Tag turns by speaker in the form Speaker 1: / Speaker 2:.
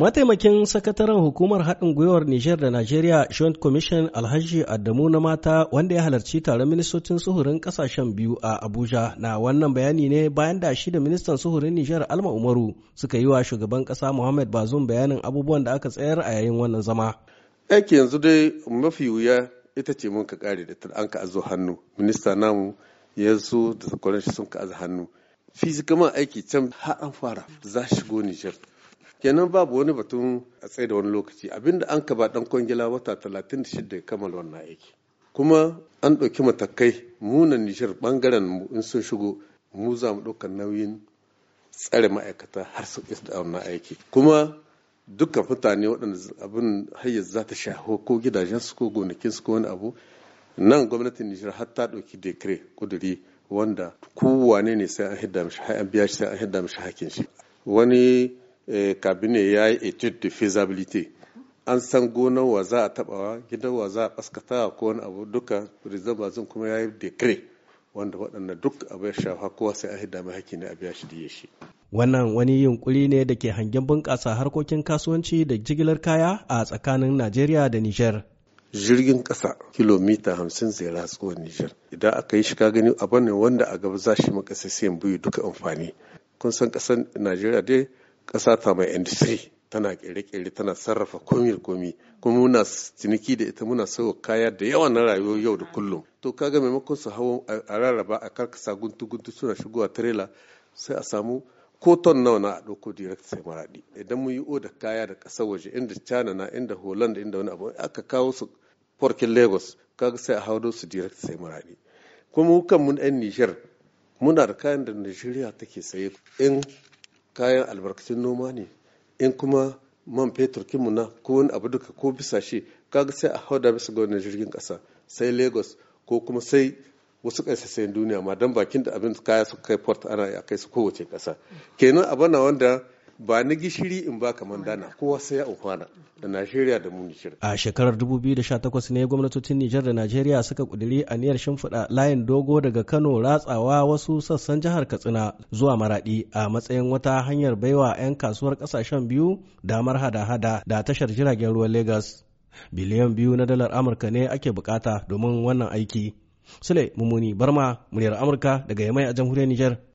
Speaker 1: Mataimakin sakataren hukumar haɗin gwiwar Nijar da Najeriya Joint Commission Alhaji Adamu na mata wanda ya halarci taron ministocin suhurin kasashen biyu a Abuja na wannan bayani ne bayan da shi da ministan suhurin Nijar Alma Umaru suka yi wa shugaban kasa Muhammad Bazoum bayanin abubuwan da aka tsayar a yayin wannan zama.
Speaker 2: Aiki yanzu dai mafi wuya ita ce mun ka kare da an ka azo hannu. Minista namu yanzu da sakwaran shi sun ka azo hannu. Fizikaman aiki can har an fara za shigo Nijar. kenan babu wani batun a tsaye da wani lokaci abinda an ka ba dan kwangila wata 36 ya kammala wannan aiki kuma an ɗauki matakai munan nishar bangaren mu in sun shigo mu za mu ɗaukar nauyin tsare ma'aikata har su da wannan aiki kuma dukkan mutane waɗanda abin hayyar za ta shaho ko su ko su ko wani abu nan gwamnatin nijar har ta ɗauki dekre kuduri wanda kowane ne sai an hidda mishi an biya shi sai an hidda mishi hakin shi wani Eh, kabine ya yi etude de feasibility an san gonar wa za a tabawa gidan wa za a baskata ko wani abu duka rizabazin kuma ya yi decree wanda waɗanda duk abu ya shafa kowa sai a hidda mai ne a biya shi diye shi.
Speaker 1: Wannan wani yunkuri ne da ke hangen bunƙasa harkokin kasuwanci da jigilar kaya a tsakanin Najeriya da Nijar.
Speaker 2: Jirgin ƙasa kilomita hamsin zai ratsuwa Nijar. Idan aka yi shiga ka gani abu ne wanda a gaba za shi makasassiyan buyi duka amfani. Kun san ƙasar Najeriya dai ƙasa ta mai industry tana ƙere-ƙere tana sarrafa komi da komi kuma muna ciniki da ita muna sauwa kaya da yawa na rayuwar yau da kullum to kaga maimakon su hawa a rarraba a karkasa guntu-guntu suna shigowa tirela sai a samu koton nawa na a ɗauko direct sai maraɗi idan mun yi oda kaya da ƙasar waje inda china na inda holland inda wani abu aka kawo su porkin lagos kaga sai a hauro su direct sai maraɗi kuma mu kan mun 'yan nijar muna da kayan da nigeria take saye in kayan albarkacin noma ne in kuma man fetur kinmu na ko wani abu duka ko bisa shi kaga sai a hauda bisa ga wannan jirgin kasa sai lagos ko kuma sai wasu ƙasashen duniya ma don bakin da abin kaya suka kai port ana ya kai su kowace ƙasa kenan abana wanda ba na gishiri in ba kaman dana ko sai ya amfana da Najeriya da mu
Speaker 1: A shekarar 2018 ne gwamnatocin Nijar da Najeriya suka a aniyar shimfiɗa layin dogo daga Kano ratsawa wasu sassan jihar Katsina zuwa Maradi a matsayin wata hanyar baiwa 'yan kasuwar ƙasashen biyu damar hada-hada da tashar jiragen ruwan Legas. Biliyan biyu na dalar Amurka ne ake bukata domin wannan aiki. Sule Mumuni Barma, muryar Amurka daga Yamai a jamhuriyar Nijar.